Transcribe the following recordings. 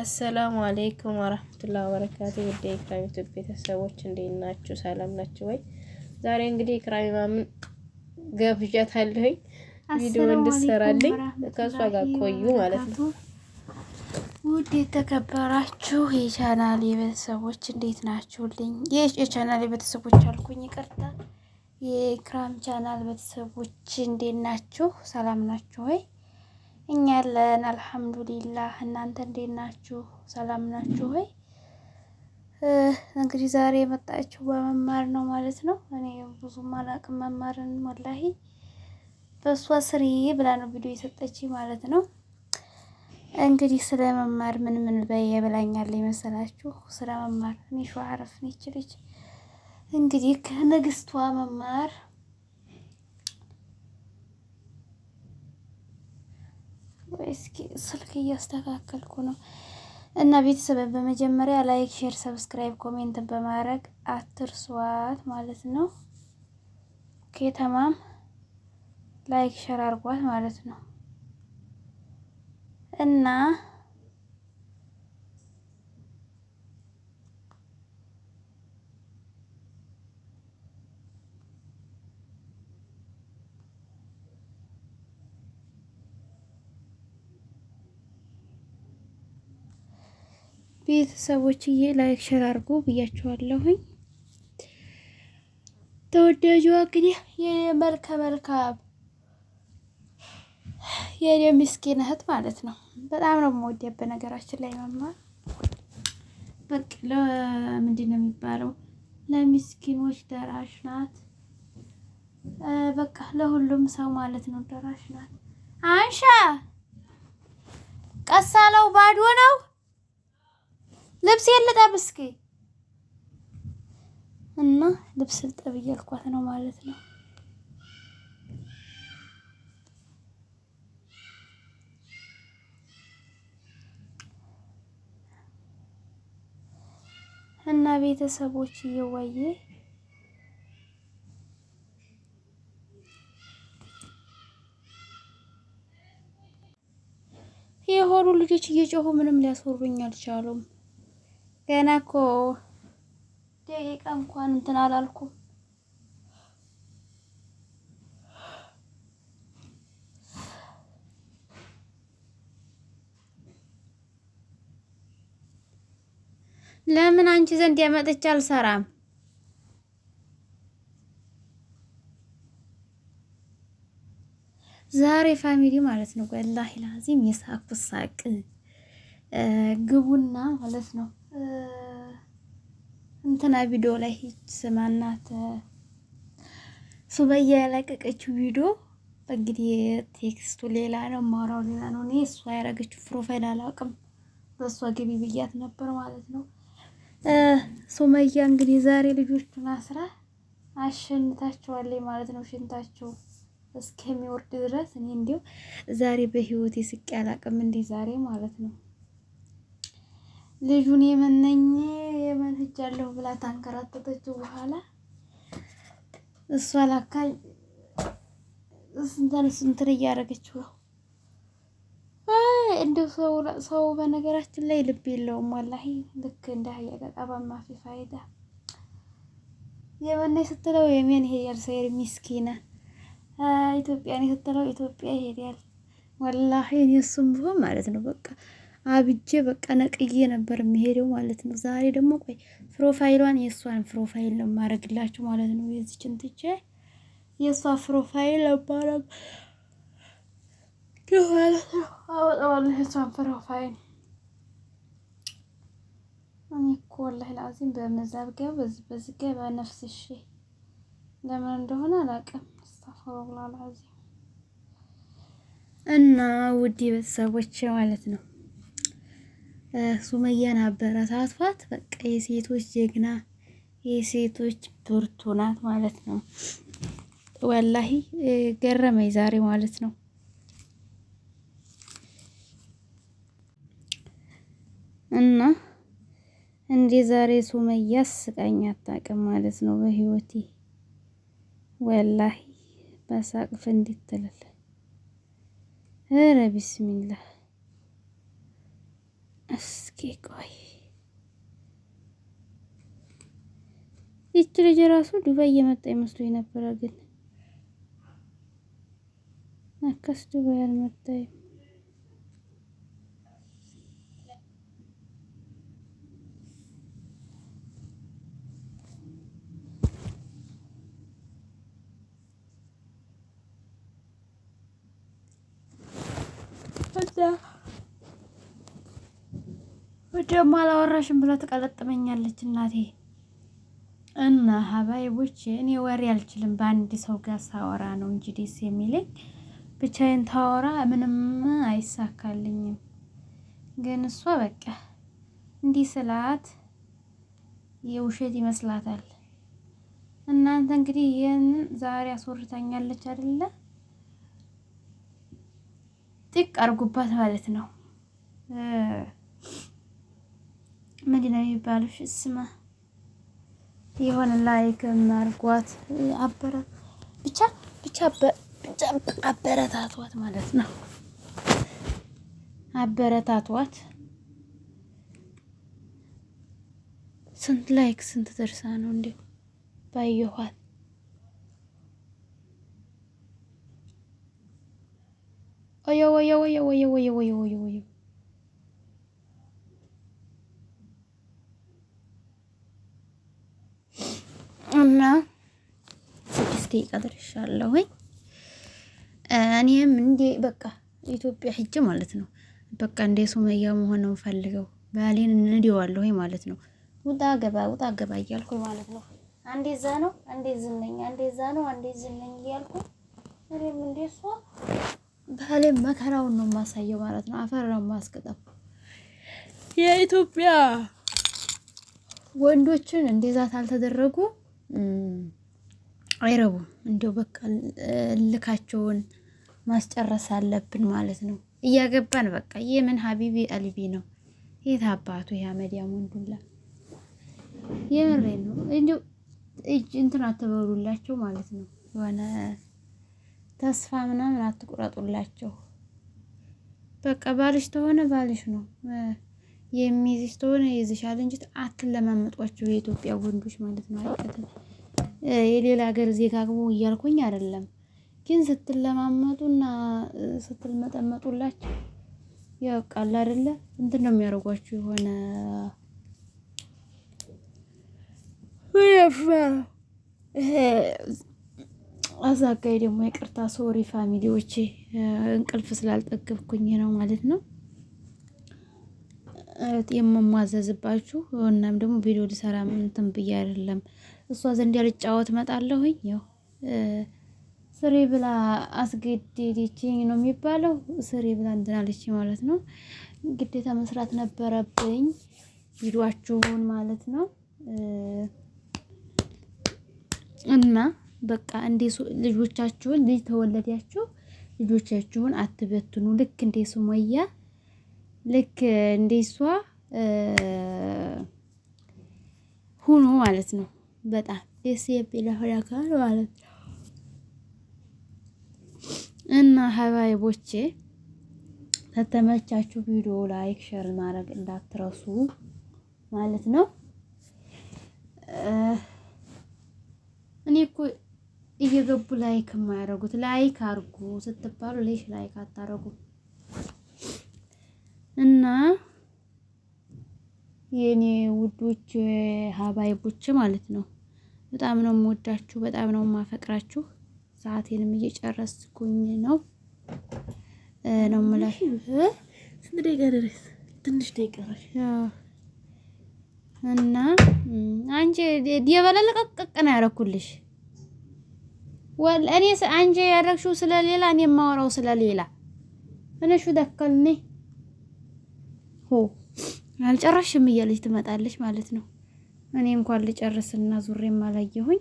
አሰላሙ አሌይኩም ወረህመቱላሂ ወበረካቱ ውድ የኢክራም ዩቲዩብ ቤተሰቦች እንዴት ናችሁ? ሰላም ናችሁ ወይ? ዛሬ እንግዲህ ኢክራም ማምን ገብዣታለሁኝ ቪዲዮ እንድትሰራልኝ ከእሷ ጋር ቆዩ ማለት ነው። ውድ የተከበራችሁ የቻናሌ ቤተሰቦች እንዴት ናችሁልኝ? የቻናሌ ቤተሰቦች አልኩኝ ይቅርታ፣ የኢክራም ቻናል ቤተሰቦች እንዴት ናችሁ? ሰላም ናችሁ ወይ? እኛ ያለን አልሐምዱሊላህ። እናንተ እንዴት ናችሁ? ሰላም ናችሁ ወይ? እንግዲህ ዛሬ የመጣችሁ በመማር ነው ማለት ነው። እኔ ብዙ ማላቅ መማርን፣ ወላሂ በእሷ ስሪ ብላ ነው ቪዲዮ የሰጠች ማለት ነው። እንግዲህ ስለ መማር ምን ምን በየ ብላኛለ ይመስላችሁ? ስለ መማር እኔ ሸ አረፍ ነች ልጅ እንግዲህ ከንግስቷ መማር እስኪ ስልክ እያስተካከልኩ ነው። እና ቤተሰብ በመጀመሪያ ላይክ፣ ሼር፣ ሰብስክራይብ፣ ኮሜንት በማድረግ አትርሷት ማለት ነው። ተማም ላይክ ሼር አርጓት ማለት ነው እና ቤተሰቦችዬ ላይክ ሸር አድርጉ ብያችኋለሁኝ። ተወዳጁ እንግዲህ የመልከ መልካም የኔ ምስኪን እህት ማለት ነው። በጣም ነው የምወደው በነገራችን ላይ መማር በቅ ለምንድን ነው የሚባለው ለሚስኪኖች ደራሽ ናት። በቃ ለሁሉም ሰው ማለት ነው ደራሽ ናት። አንሻ ቀሳለው ባዶ ነው። ልብስ የልጠብ እስኪ እና ልብስ ልጠብ እያልኳት ነው ማለት ነው። እና ቤተሰቦች እየዋየ የሆኑ ልጆች እየጮሁ ምንም ሊያስወሩኝ አልቻሉም። ገና እኮ ደቂቃ እንኳን እንትን አላልኩ ለምን አንቺ ዘንድ ያመጥቼ አልሰራም? ዛሬ ፋሚሊ ማለት ነው ወላሂ ላዚም የሳቅኩት ሳቅ ግቡና ማለት ነው እንትና ቪዲዮ ላይ ሂጅ ስማናት ሱበያ ያለቀቀችው ቪዲዮ እንግዲህ ቴክስቱ ሌላ ነው፣ ማውራው ሌላ ነው። እኔ እሷ ያደረገችው ፕሮፋይል አላውቅም። በእሷ ገቢ ብያት ነበር ማለት ነው። ሱመያ እንግዲህ ዛሬ ልጆቹን አስራ አሸንታቸዋለች ማለት ነው። ሽንታቸው እስከሚወርድ ድረስ እኔ እንዲሁ ዛሬ በህይወት የስቄ አላውቅም። እንዲህ ዛሬ ማለት ነው። ልጁን የመነኝ የመን ሄጃለሁ ብላ ታንከራተተችው በኋላ እሷ ላካ ስንተን ስንትን እያደረገችው ነው። እንደ ሰው በነገራችን ላይ ልብ የለውም ወላሂ። ልክ እንደ ሀያ ገጣባ ማፊ ፋይዳ የመን ስትለው የመን ሄዳል ሰይር ሚስኪና ኢትዮጵያን ስትለው ኢትዮጵያ ይሄዳል ወላሂ እሱም ብሆን ማለት ነው በቃ አብጄ በቃ ነቅዬ ነበር የሚሄደው ማለት ነው። ዛሬ ደግሞ ቆይ ፕሮፋይሏን የእሷን ፕሮፋይል ነው የማደርግላችሁ ማለት ነው። የዚችን ትቼ የእሷ ፕሮፋይል ለባረግ ማለት ነው። አወጣዋለሁ የእሷን ፕሮፋይል እኔ እኮ ወላሂ ለአዚም በመዛብገብ በዚህ በዝገ በነፍስሽ ለምን እንደሆነ አላውቅም። አስተፈሩላ ለአዚም እና ውድ ቤተሰቦች ማለት ነው ሱመያን አበረታቷት። በቃ የሴቶች ጀግና የሴቶች ብርቱ ናት ማለት ነው። ወላሂ ገረመኝ ዛሬ ማለት ነው። እና እንዴ ዛሬ ሱመያ ስቃኝ አታውቅም ማለት ነው በህይወቴ ወላሂ በሳቅፍ እንዲትልል ኧረ ቢስሚላህ Ski koi, istri jaraso, duga iya ia mata emas dui na peraguine, na kas duga ia mata ada. ደግሞ አላወራሽም ብላ ትቀለጥመኛለች እናቴ። እና ሀባይቦች እኔ ወሬ አልችልም፣ በአንድ ሰው ጋር ሳወራ ነው እንጂ ደስ የሚለኝ። ብቻዬን ታወራ ምንም አይሳካልኝም። ግን እሷ በቃ እንዲህ ስላት የውሸት ይመስላታል። እናንተ እንግዲህ ይህን ዛሬ አስወርታኛለች አይደለ? ጥቅ አርጉባት ማለት ነው። ምንድን ነው የሚባለው? ስማ የሆነ ላይክ ማርጓት አበረ ብቻ ብቻ ብቻ አበረታቷት ማለት ነው። አበረታቷት ስንት ላይክ ስንት ደርሳ ነው እንዴ? ባየኋት ወየ ወየ ወየ ወየ ወየ ወየ ወየ እና ስድስት ደቂቃ ደርሻለሁ። እኔም እንዴ በቃ ኢትዮጵያ ሂጅ ማለት ነው። በቃ እንደ ሱመያ መሆን ነው ፈልገው ባሌን እንዲዋለሁ ማለት ነው። ውጣ ገባ ውጣ ገባ እያልኩ ማለት ነው። አንዴ እዛ ነው አንዴ እዚህ አንዴ እዛ ነው አንዴ እዚህ እያልኩ እኔም እንደ ባሌን መከራውን ነው የማሳየው ማለት ነው። አፈር ነው የማስገጠው። የኢትዮጵያ ወንዶችን እንደዛ አልተደረጉ አይረቡም። እንደው በቃ ልካቸውን ማስጨረስ አለብን ማለት ነው። እያገባን በቃ የምን ሀቢቢ አልቢ ነው የት አባቱ የአመዲያም ወንዱላ የምሬ ነው። እንዲሁ እጅ እንትን አትበሉላቸው ማለት ነው። የሆነ ተስፋ ምናምን አትቁረጡላቸው። በቃ ባልሽ ተሆነ ባልሽ ነው። የሚይዝሽ ተሆነ ይይዝሻል እንጂ አትለማመጧቸው የኢትዮጵያ ወንዶች ማለት ነው። የሌላ ሀገር ዜጋ ግቡ እያልኩኝ አይደለም፣ ግን ስትለማመጡና ስትመጠመጡላቸው ያው ቃል አይደለ እንትን ነው የሚያደርጓችሁ የሆነ አዛጋይ ደግሞ ይቅርታ ሶሪ ፋሚሊዎቼ፣ እንቅልፍ ስላልጠገብኩኝ ነው ማለት ነው። የምሟዘዝባችሁ እናም ደግሞ ቪዲዮ ልሰራ እንትን ብዬ አይደለም። እሷ ዘንድ ያልጫወት መጣለሁኝ። ያው ስሪ ብላ አስገደደችኝ ነው የሚባለው። ስሪ ብላ እንትን ማለት ነው። ግዴታ መስራት ነበረብኝ ቪዲዮአችሁን ማለት ነው። እና በቃ እንዴ ልጆቻችሁን ልጅ ተወለዳችሁ ልጆቻችሁን አትበትኑ። ልክ እንዴ ሱመያ ልክ እንደ እሷ ሁኑ ማለት ነው። በጣም ደስ የሚል ማለት እና ሀባይቦቼ ከተመቻችሁ ቪዲዮ ላይክ ሸር ማድረግ እንዳትረሱ ማለት ነው። እኔ እኮ እየገቡ ላይክ የማያደርጉት ላይክ አርጉ ስትባሉ ሌሽ ላይክ አታደርጉም። እና የኔ ውዶች ሀባይቦች ማለት ነው በጣም ነው የምወዳችሁ፣ በጣም ነው የማፈቅራችሁ። ሰዓቴንም እየጨረስኩኝ ነው ነው የምላችሁ። ስንት ደቂቃ ደረስ? ትንሽ ደቂቃ እና አንቺ የበለለቀቀቅ ነው ያደረኩልሽ። ወል እኔ አንቺ ያደረግሽው ስለሌላ፣ እኔ የማወራው ስለሌላ እነሹ ደከልኔ ሆ አልጨረሽም እያለች ትመጣለች ማለት ነው። እኔ እንኳን ልጨርስና ዙሬም አላየሁኝ።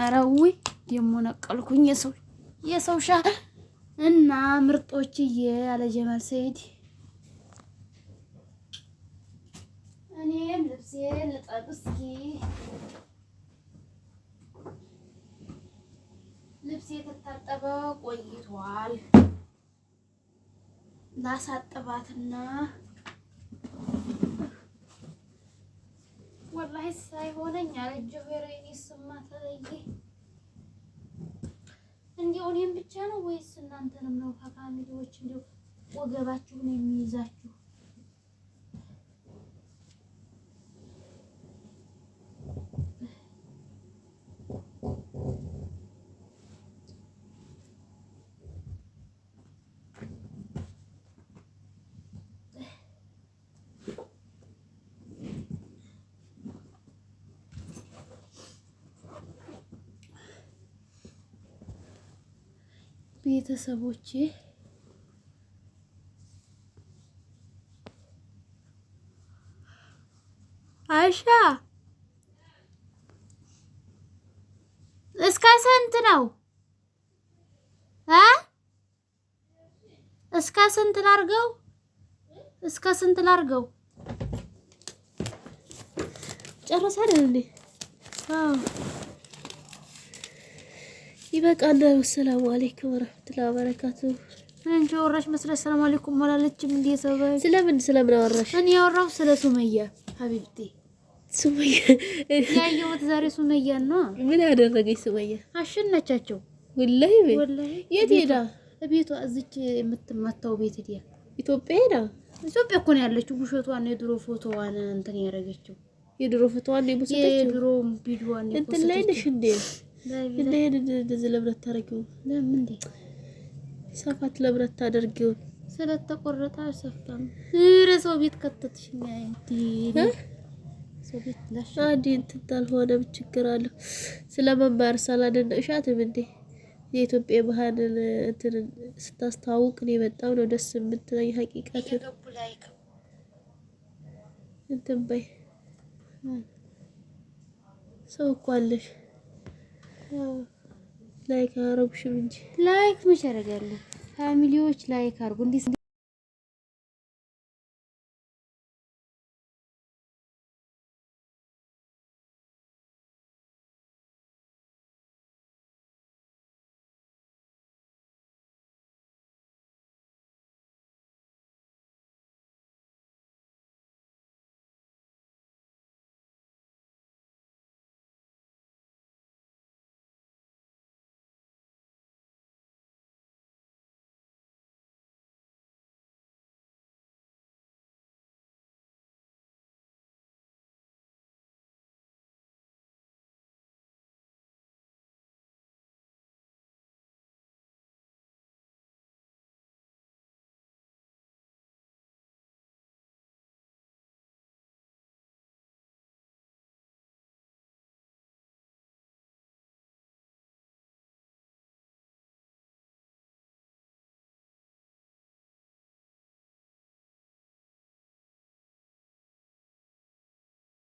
ኧረ ውይ ደሞ ነቀልኩኝ። የሰው የሰው ሻ እና ምርጦችዬ ያለ ጀመል ሰይድ እኔም ልብሴ ልጠብ እስኪ ልብሴ የተታጠበ ቆይቷል። ላሳጥባትና ወላሂ ሳይሆነኝ አረጀሁ። የረኔ ስማ ተለየ። እንዲሁ እኔም ብቻ ነው ወይስ እናንተንም ነው? ከፋሚሊዎች እንዲሁ ወገባችሁን የሚይዛችሁ ቤተሰቦቼ አሻ እስከ ስንት ነው እስከ ስንት ላርገው? እስከ ስንት ላርገው? ጨረሰ አይደል? አዎ ይበቃል። ሰላም አለይኩም ወራህመቱላሂ ወበረካቱ። እንጂ ወራሽ መስለ ሰላም አለይኩም አላለችም። እንደ ሰበብ ስለምን ስለምን አወራሽ? እኔ ያወራው ስለ ሱመያ ሀቢብቲ ሱመያ ያየሁት ዛሬ ሱመያ ነው። ምን ያደረገች ሱመያ? አሸነቻቸው። ወላሂ ወላሂ። የት ሄዳ? ቤቷ እዚች የምትመታው ቤት ሄዳ ኢትዮጵያ ሄዳ ኢትዮጵያ እኮ ነው ያለችው። ውሸቷን የድሮ ፎቶዋን እንትን ያደረገችው የድሮ ፎቶዋን የድሮ ቪዲዮዋን እንትን ላይ ነሽ እንዴ? እንደሄድ እንደዚህ ለብረት ታደርጊው ለምን እንዴ ሰፋት ለብረት ታደርጊው ስለተቆረጠ አልሰፋም። ኧረ ሰው ቤት ከተትሽ እንዴ ችግር አለው። ስለመማር ሳላደነቅሻትም እንዴ የኢትዮጵያ ባህልን እንትን ስታስተዋውቅ እኔ በጣም ነው ደስ የምትለኝ። ሀቂቃት እንትን በይ ሰው እኮ አለሽ ላይክ አረጉሽም እንጂ ላይክ መች ያደርጋለሁ። ፋሚሊዎች ላይክ አርጉ እንዴ!